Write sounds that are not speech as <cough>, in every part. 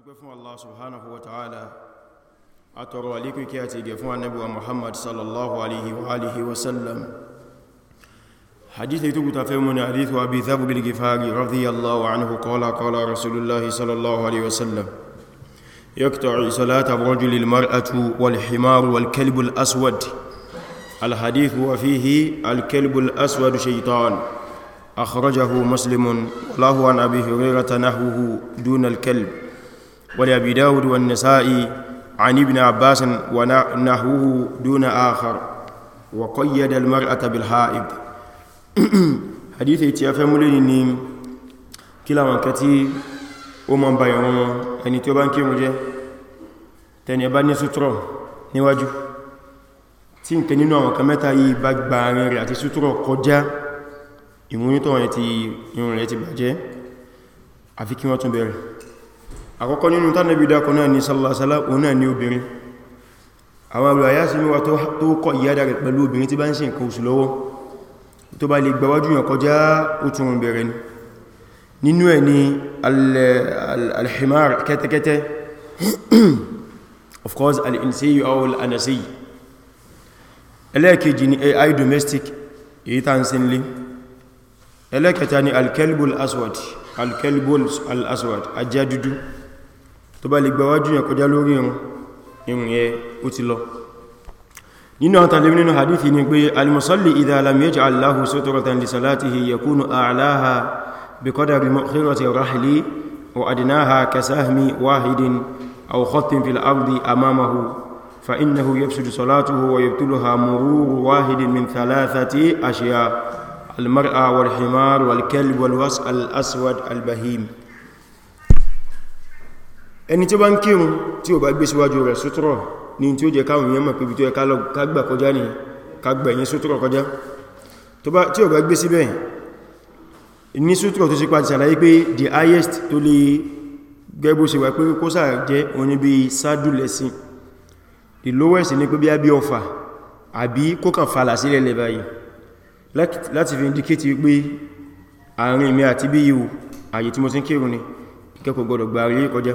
adúgbẹ́ fún Allah subhanahu wa ta'ala a tọrọ alikun kí a ti gẹ fún annabi wa Muhammad sallallahu alaihi wa alihi wa sallam hadithi tukuta fẹ́ mú ni hadithu abi thabit al-gifari radiyallahu anhu qala qala rasulullah sallallahu alaihi wa sallam yaqta'u salata ar-rajuli al-mar'atu wal-himar wal-kalbu al-aswad الحديث وفيه الكلب aswad شيطان أخرجه مسلم وله عن أبي هريرة نحوه دون الكلب ولأبي داود والنسائي عن ابن عباس ونحوه دون آخر وقيد المرأة بالحائض حديث يتفهم لني كلا من كتي ومن بيعون أن توبان كي مجي تاني أباني سترون níwájú tí n kẹ nínú àwọn kan mẹ́ta yìí bá gba rẹ̀ àti sútúrọ̀ kọjá ìmúnítọ̀ rẹ̀ ti irun rẹ̀ ti bàjẹ́ àfi wọ́n tún bẹ̀rẹ̀ àkọ́kọ́ nínú tánàbí dákọ̀ náà ní sallásálá òun náà ní obìnrin àwọn àrùn àyá sí mẹ́wàá tó kọ̀ ìyádà rẹ̀ pẹ̀lú obìnrin tí bá ń ṣe nǹkan oṣù lọ́wọ́ tó bá lè gbáwájú yàn kọjá ó tún bẹ̀rẹ̀ ni al aswad ajá dúdú tó bá lè wájú yàn kọjá lórí irun yẹ ó ti lọ nínú àwọn tàbí nínú hadithi ni pé al-musalli idha lam yaj'al lahu sutratan li salatihi yakunu a'laha bi qadari mu'khirati rahli wa adnaha ka sahmi wahidin aw khattin fil ardi amamahu fa innahu yafsudu salatuhu wa yabtuluha mururu wahidin min thalathati ashiya al-mar'a wal himar wal kalb wal wasl al aswad al bahim ẹni tí ó bá ń kírun tí ó bá gbé síwájú rẹ̀ sútúrọ̀ ní tí ó jẹ káwọn èèyàn mọ̀ pé ibi tó yẹ kágbà kọjá ní kágbà ẹ̀yìn sútúrọ̀ kọjá tí ó bá gbé síbẹ̀ ní sútúrọ̀ tó ṣe pàtí sàlàyé pé the highest tó lè gẹ́gbó ṣe wà pé kó sáà jẹ́ oní bí sádù lẹ́sìn the lowest ni pé bí abí ọfà àbí kó kàn falà sílẹ̀ lẹ̀ báyìí láti fi indicate pé àárín mi àti bí ihò àyè tí mo ti ń kírun ni kẹ́kọ̀ọ́ gbọdọ̀ gbà rí kọjá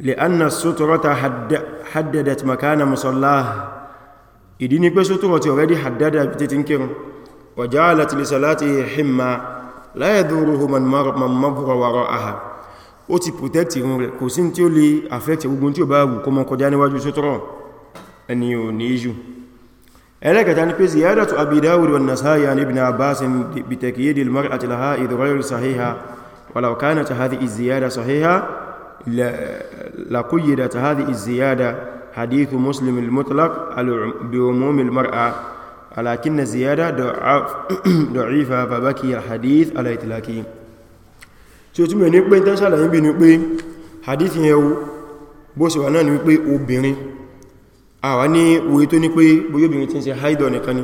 لأن السترة حد حددت مكان مصلاه إديني كي سترة وردي حددت بتتنكر وجعلت لسلاته حمى لا يدوره من, مر من مبر وراءها وتي بوتكتي كوسين تولي أفكتي وقون تيو باب وكما قداني واجو سترة أنيو نيجو ألك تاني في زيادة أبي داود والنسائي عن ابن عباس بتكييد المرأة لها إذ غير صحيحة ولو كانت هذه الزيادة صحيحة لقيدت هذه الزيادة حديث مسلم المطلق بعموم المرأة لكن الزيادة ضعيفة فبكي الحديث على إطلاقه tí ó túnmọ̀ ní pé tán sàlàyé bí ní pé hadith yẹn o bó ṣe wà náà ní pé obìnrin àwá ní oye tó ní pé bóyí obìnrin tí ń ṣe haidọ̀ nìkan ni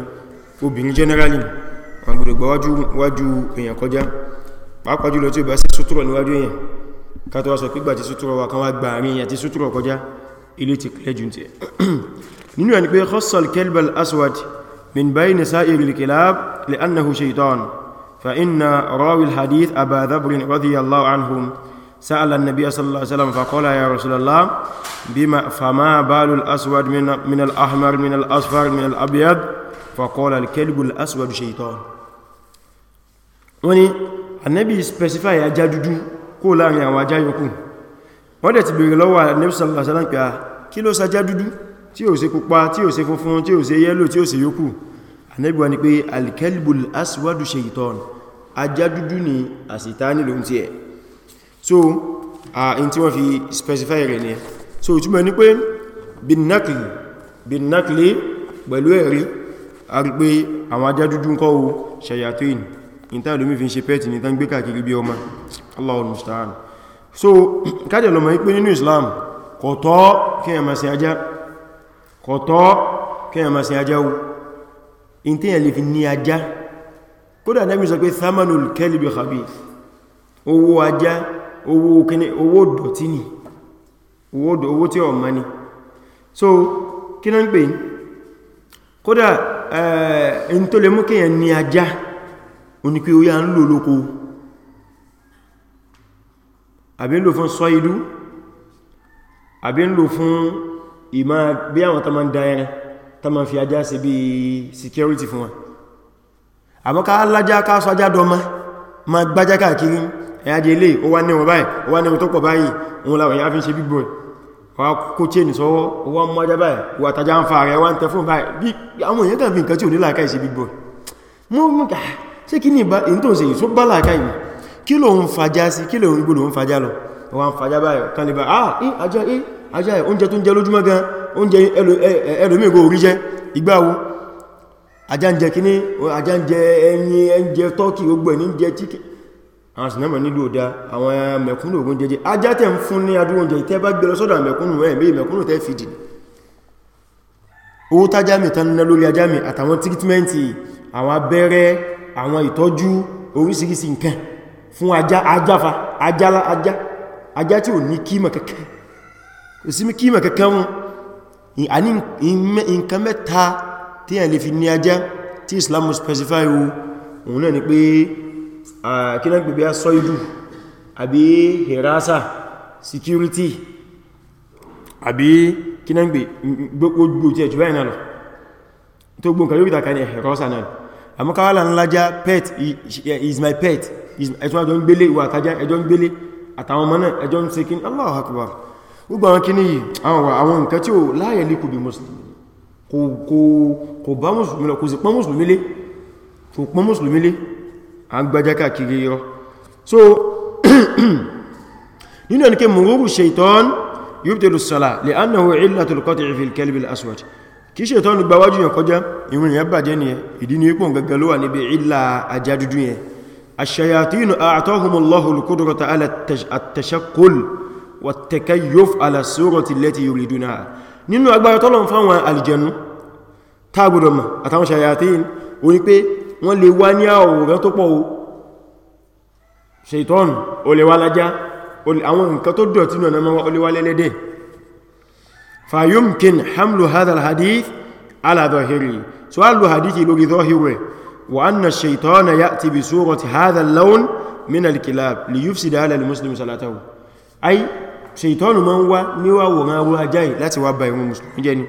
obìnrin generally wọn gbogbo wájú èèyàn kọjá pàápàá jùlọ tí ó bá ṣe sútúrọ̀ níwájú èèyàn kátọ́wà sọ pígbà ti sútúrọ̀ wà kan wá gbà àrin àti sútúrọ̀ kọjá ilé ti kílẹ̀ jù tí nínú ẹni pé hussle kelbal aswad min bayni sa'ir al-kilab li'annahu shaytan fa inna rawi hadith aba dhabr radiyallahu anhum sa'ala an-nabiy sallallahu alayhi fa qala ya rasulallah bima fama balu al-aswad wani annabi specify ajá dúdú kó láàrin àwọn ajá yòókù wọ́n dẹ̀ ti bèèrè lọ́wọ́ Ànábì sallallahu alaihi wasallam pé kí ló sajá dúdú tí ó ṣe pupa tí ó ṣe funfun tí ó ṣe yẹ́lò tí ó ṣe yòókù Ànábì wá ní pé al-kalbul aswadu shaytan ajá dúdú ni àṣìtáni ló ń so in tí specify rẹ̀ so ìtumọ̀ ní pé binnakli binnakli pẹ̀lú ẹ̀rí a rí pé àwọn ajá dúdú ń kọ́ o shayatin fi ń ṣe pẹ́ẹ̀tì ní tán gbé káàkiri bí ọmọ Allahu musta'an so <clears throat> kájẹ̀ lọ mọ̀ ipé nínú Islam kọ̀tọ́ kí ẹ máa sìn ajá kọ̀tọ́ kí ẹ máa sìn aja wu in tí ẹ lè fi ní ajá kódà Nábì sọ pé thamanul kelbi khabith owó ajá owó kíní owó dọ̀tí ni owó tí ọ̀ mani so kí náà ń pè kódà in eh, tó lè mú kí ẹ ní ajá oní pé ó yá ń lò lóko àbí ń lò fún sọ́idú àbí ń lò fún ìmá bí àwọn tó da ẹran tó fi ajá sí bí security fún wọn àmọ́ ká alájá ká sọ ajá dọ́mọ́ ma gbájá káàkiri ẹ̀yájẹ́ ilé ó wá níwọ̀n báyìí ó wá níwọ̀n tó pọ̀ báyìí òun làwọn èèyàn fi ń ṣe bígbò wá kó chain sọ́wọ́ ó wá mú ajá báyìí wà tàjá ń fa rẹ̀ wá ń kí ló ń fàjá sí kí ló ń gbò ló ń fàjá lọ wọ́n ń fàjá báyọ̀ kanibà ah eh ajá eh ajá ẹ̀ oúnjẹ tó ń jẹ lójúmọ́ gan oúnjẹ ẹlòmígo orí jẹ ìgbàwo ajá ń jẹ kíní ajá ń jẹ ẹyin ẹnjẹ tọ́kì gbogbo ẹ̀ ní jẹ tíkì àwọn sinamọ̀ nílò dá àwọn mẹ̀kúnnù ogun jẹjẹ ajá tẹ́ ń fún ní adúrún jẹ tẹ́ bá gbẹ̀rọ sọ́dọ̀ mẹ̀kúnnù ẹ̀ méjì mẹ̀kúnnù tẹ́ fìdì owó tájámi tán ná lórí ajámi àtàwọn tíkítmẹ́ntì àwọn abẹ́rẹ́ àwọn ìtọ́jú oríṣiríṣi nǹkan fún ajá ajáfa ajálá ajá ajá tí ò ní kímọ̀ kankan kò sí kímọ̀ kankan mú àní nǹkan mẹ́ta tí a lè fi ní ajá tí Islam specify o òun náà ni pé kíná gbogbo ya sọ́ìdù àbí hirasa security àbí kíná gbogbo tí ẹ̀jù báyìí náà lọ tó gbogbo nǹkan lórí ìtàkà ní hirasa náà àmúkawàlá ńlájá pet is my pet ẹ̀tún àjọ ń gbélé ìwà àtajà ẹjọ́ ń gbélé àtàwọn ọmọ náà ẹjọ́ ń ṣe kí Allahu Akbar gbogbo àwọn kí ní yìí àwọn àwọn nǹkan tí ó láyẹ̀ líkù bí mùsùlùmí kò bá mùsùlùmí lé kò pọ́n mùsùlùmí lé a ń yọ so <clears throat> nínú ẹni kí mùrúrù shaitan yubtilu as-salah li'annahu illatul qat'i fil kalbi al-aswad kí shaitan gbawájú yẹn kọjá ìrìn yẹn bàjẹ́ nìyẹn ìdí ni ipò gaggaluwa níbi ìlà ajá yẹn الشياطين أعطاهم الله القدرة على التشكل والتكيف على الصورة التي يريدونها nínú agbára t'Ọlọ́run fáwọn àlìjẹnu tágbọ́dọ̀ mọ̀ àtàwọn shayatin ó ní pé wọ́n lè wá ní àwòrán tó pọ̀ o ṣeìtọ́nù ó lè wá lájá àwọn nǹkan tó dọ̀tí náà náà ó lè wá lẹ́lẹ́dẹ̀ fayumkin hamlu hadith وأن الشيطان يأتي بصورة هذا اللون من الكلاب ليفسد على المسلم صلاته أي شيطان ما هو نوا وما هو جاي لا توابع المسلم جاني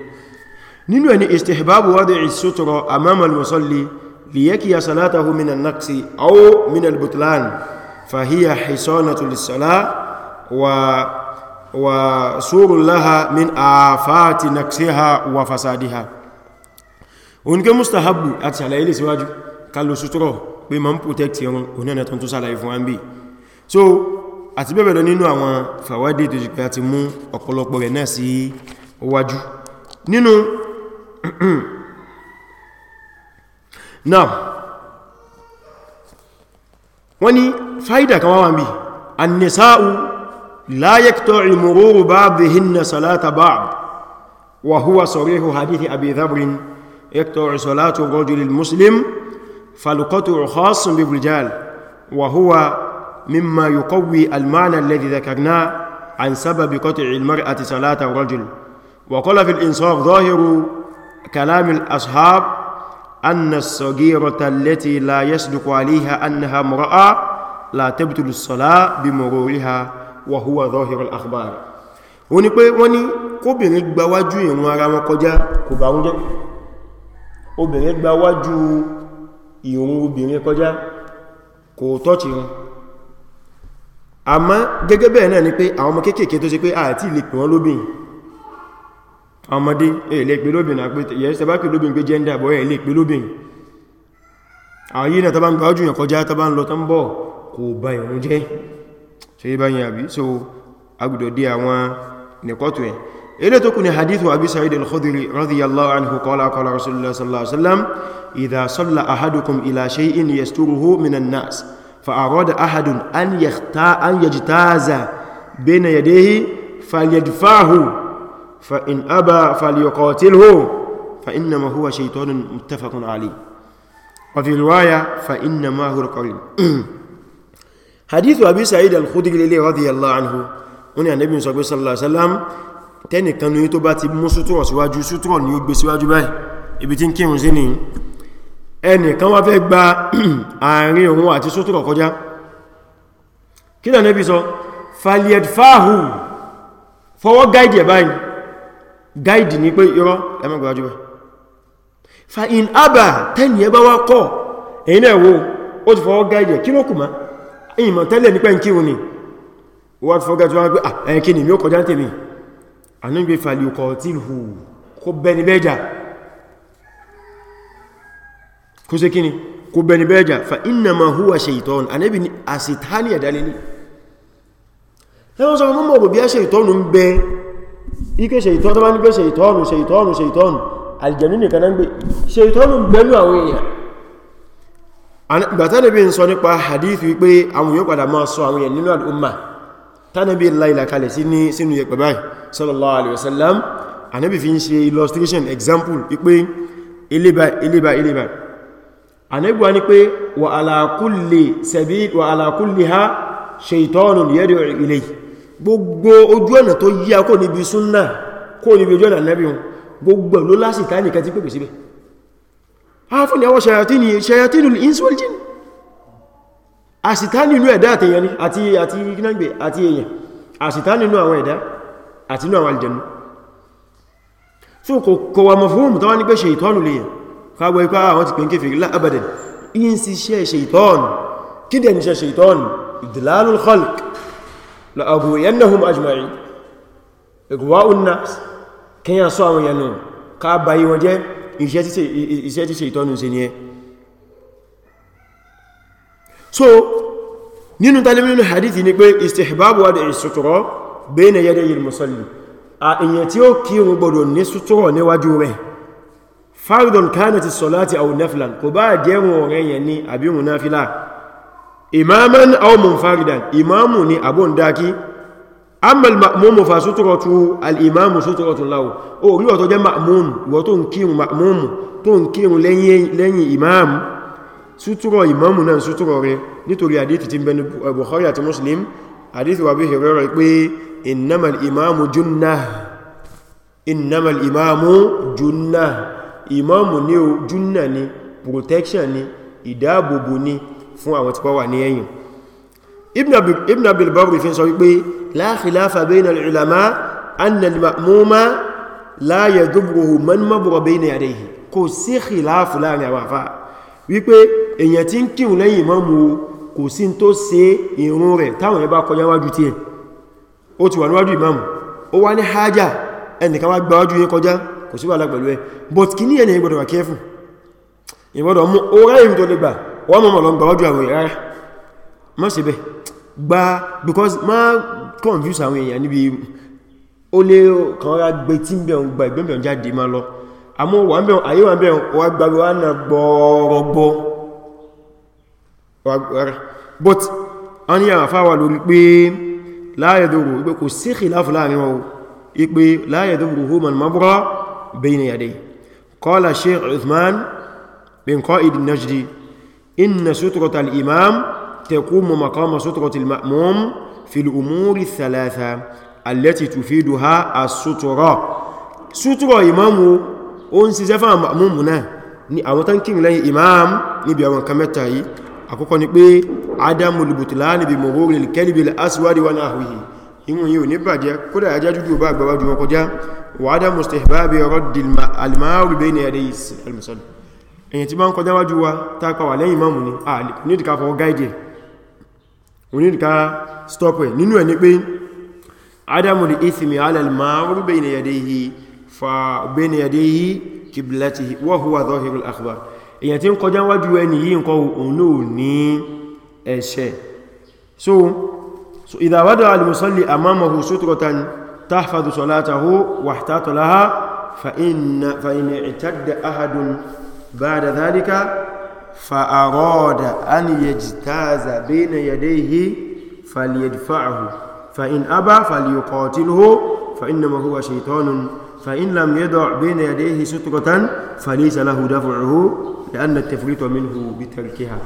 نينو أن يعني استحباب وضع الستر أمام المصلي ليكي صلاته من النقص أو من البطلان فهي حصانة للصلاة و وسور لها من آفات نقصها وفسادها ونكي مستحب أتسأل إلي سواجه kálò sútúrọ̀ pé ma ń protect ẹran oníọ̀nà tó ń tó sàlàyé fún àmì so àti bẹ́ẹ̀ lọ nínú àwọn fàwádìí tó jùpẹ́ àti mú ọ̀pọ̀lọpọ̀ rẹ̀ náà sí wájú nínú <clears throat> náà wọ́n ni fáìdà kan wáwá bí annisa'u la yaqta'u mururu ba'dihinna salata ba'd wa huwa sarihu hadithi abi dhabrin yaqta'u salatu rajulil muslim فالقطع خاص بالرجال وهو مما يقوي المعنى الذي ذكرناه عن سبب قطع المرأة صلاة الرجل وقال في الإنصاف ظاهر كلام الأصحاب أن الصغيرة التي لا يصدق عليها أنها امرأة لا تبطل الصلاة بمرورها وهو ظاهر الأخبار wọ́n ní pé wọ́n ní gba wájú ìrun ara wọn kọjá kò bá wọn jẹ́ obìnrin gba wájú ìrun obìnrin kọjá kò tọ́ọ̀chì wọn àmọ́ gẹ́gẹ́ bẹ́ẹ̀ náà ni pé àwọn ọmọ kéékèèké tó ṣe pé àti lè pè wọ́n lóbìn ọmọdé èlé pè lóbìn àpé yẹ́ sẹbákì lóbìn pé jẹ́ndà bọ́ èlé pè lóbìn àwọn yìí náà tàbá gbájú yàn kọjá tàbá lọ tán bọ̀ kò bá ìrun jẹ́ so agbùdọ̀ dé àwọn nìkọ́tù ẹ̀ إلى تكون حديث أبي سعيد الخضري رضي الله عنه قال قال رسول الله صلى الله عليه وسلم إذا صلى أحدكم إلى شيء يستره من الناس فأراد أحد أن, يختا أن يجتاز بين يديه فليدفعه فإن أبى فليقاتله فإنما هو شيطان متفق عليه وفي رواية فإنما هو القريب <clears throat> حديث أبي سعيد الخدري رضي الله عنه هنا النبي صلى الله عليه وسلم tẹ́nìkan ní tó bá ti mú sútúrọ̀ síwájú sútúrọ̀ ní ó gbé síwájú báyìí ibi tí ń kírun sí ni ẹnìkan wá fẹ́ gba <clears throat> àárín òun àti sútúrọ̀ kọjá kí náà nẹ́bí sọ falied fahu fọwọ́ gáìdì ẹ̀ báyìí gáìdì ní pé irọ́ ẹmọ́gbàjú bá fa in abba tẹ́nì ẹ bá wá kọ́ ẹ̀yìn náà wo ó ti fọwọ́ gáìdì ni wọ́n ti fọwọ́ gáìdì wọn pé ah, ẹ̀kí ni mi ó kọjá anábi falikọ̀ tí hù kó bẹni bẹ́jà kó ṣe kíni kó bẹni bẹ́jà fa inna ma huwa shaytan anábi ni a sì tání ẹ̀dálẹ́ni ẹwọ́n sọ mọ́ mọ̀ bí i ṣaitọ́nù ń bẹ ike ṣaitọ́nù tó bá ń gbé ṣaitọ́nù ṣaitọ́nù ṣaitọ́nù aljanu nìkan ń gbé ṣaitọ́nù gbẹ̀lú àwọn èèyàn gbàtánibí ń sọ nípa hadith wípé àwọn yóò padà máa sọ àwọn èèyàn nínú al'umma tánàbí láìlà kalẹ̀ sí ní sínú yẹ pẹ̀báyì sallallahu alaihi wasallam anábì fi ń ṣe illustration example pípé ilébà ilébà ilébà anábì wa ní pé wa ala kulli sabil wa ala kulliha shaytanun yad'u ilayhi gbogbo ojú ọ̀nà tó yí akó níbi súnnà kó níbi ojú ọ̀nà anábì wọn gbogbo ló lásìtánì kan ti pèpè síbẹ̀ àṣìtánì inú ẹ̀dá àtẹ̀yàn ni àti àti gínàgbé àti èèyàn àṣìtánì inú àwọn ẹ̀dá àti inú àwọn àlìjẹ̀nú so kò kọwà mọ̀ fún mùtọ́wà ní pé ṣe ìtọ́nù lè yàn kágbọ́ ah, ipá àwọn ti pè ń kéfèé lábàdàn in si ṣe ṣe ìtọ́nù kí so nínú talimin hadithi ni pé istihbabu wada isutura bayna yadayi al-musalli a èyàn tí ó kírun gbọdọ̀ ní sutura níwájú rẹ̀ fardun kanati salati aw naflan kò bá jẹ́rùn ọ̀rẹ́ yẹn ní àbírùn náfílà imaman aw munfaridan imamu ni abun daki amma al-ma'mumu fa suturatu al-imamu suturatu lahu ó rí ọ̀tọ̀ jẹ́ ma'mum ìwọ tó ń kírun ma'mum tó ń kírun lẹ́yìn imam sútúrọ̀ ìmámù náà sútúrọ̀ rẹ̀ nítorí àdífì tí bẹnu Bukhari àti Muslim àdífì wà bí hìrọ̀rọ̀ pé innamal imamu junnah innamal imamu junnah imamu ní o junnah ni protection ni ìdáàbòbò ni fún àwọn tí pọ́wà ní ẹ̀yìn Ibn Abdul Barr fi sọ wípé la khilafa wípé èyàn tí ń kírun lẹ́yìn ìmáàmù o kò sí tó ṣe ìrun rẹ̀ táwọn ẹbá kọjá wájú tí ẹ̀ ó ti wà níwájú ìmáàmù ó wá ní hájá ẹnìkan wá gba wájú yẹn kọjá kò sí wàhálà pẹ̀lú ẹ but kí ní ẹni ìgbọ̀dọ̀ wà kẹ́fù ìgbọ̀dọ̀ mú ó rẹ̀ ìrìn tó lè gbà wọ́n mọ̀ lọ gba wájú àwọn èèyàn rárá má ṣe because má confuse àwọn èèyàn níbi ó lé kan rá gbé tí ń bẹ̀ ń àmọ́ wà ń bẹ̀rún ayé wà ń bẹ̀rún wà gbàgbé wà náà gbọ́ọ̀rọ̀gbọ́ but a ní àwọn afáwà lórí pé láyẹ̀dọ̀rọ̀ ipé kò sí khilaafu láàrin wọn ipé láyẹ̀dọ̀rọ̀ human mabura bayna yaday qala sheikh uthman bin qa'id najdi inna sutrata al-imam taqumu ó ń ṣiṣẹ́ fún àmúmù náà ní àwọn tán kí lẹ́yìn imam níbi àwọn kan mẹ́ta yìí àkọ́kọ́ ni pé adamu lubutulan bi mọ̀wórí kẹ́lìbì aswadi wa nahwihi inú yíò ní bàjẹ́ kódà ajá dúdú bá gbàwájú wọn kọjá wà adamu stehbabi rọ́dìl almaru bẹ́ ni adé almusalli èyàn tí bá ń kọjá wájú wa tápa wà lẹ́yìn imamu ni a onídìká fọwọ́ gáìdì فبين يديه قبلته وهو ظاهر الأخبار èyàn tí ń kọjá wájú ẹni yìí nǹkan òun náà ní ẹ̀ṣẹ̀ so so إذا وضع المصلي أمامه سترة تحفظ صلاته واحتاط لها فإن فإن اعتد أحد بعد ذلك فأراد أن يجتاز بين يديه فليدفعه فإن أبى فليقاتله فإنما هو شيطان فإن لم يضع بين يديه سترة فليس له دفعه لأن التفريط منه بتركها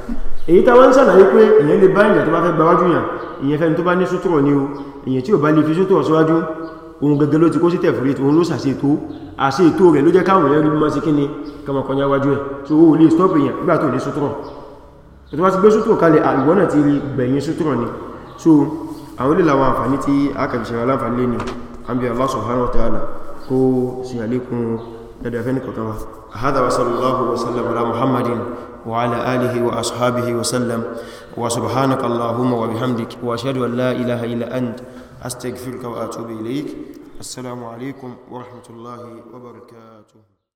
èyí ta wọ́n sàlàyé pé èyàn lè bá ìyàn tó bá fẹ́ gbáwájú yàn ìyàn fẹ́ tó bá ní sútúrọ̀ ní o èyàn tí ò bá lè fi sútúrọ̀ síwájú ohun gẹ́gẹ́ ló ti kó sí tẹ̀fìrìtì ohun ló sàṣètò àṣètò rẹ̀ ló jẹ́ káwọn èyàn rí mọ́ sí kíni kọmọkànlá wájú ẹ̀ tó ó lè stop èyàn nígbà tó ní sútúrọ̀ tó bá ti gbé sútúrọ̀ kalẹ̀ ìwọ́nà ti gbẹ̀yìn sútúrọ̀ ni so àwọn olè làwọn àǹfààní tí a kàbìṣẹ̀rẹ̀ aláǹfààní lé ni àbí Allah subhanahu wa ta'ala هذا dadaveniko الله وسلم على محمد وعلى آله وأصحابه وسلم وسبحانك اللهم وبحمدك وأشهد أن لا إله إلا أنت أستغفرك وأتوب إليك السلام عليكم ورحمة الله وبركاته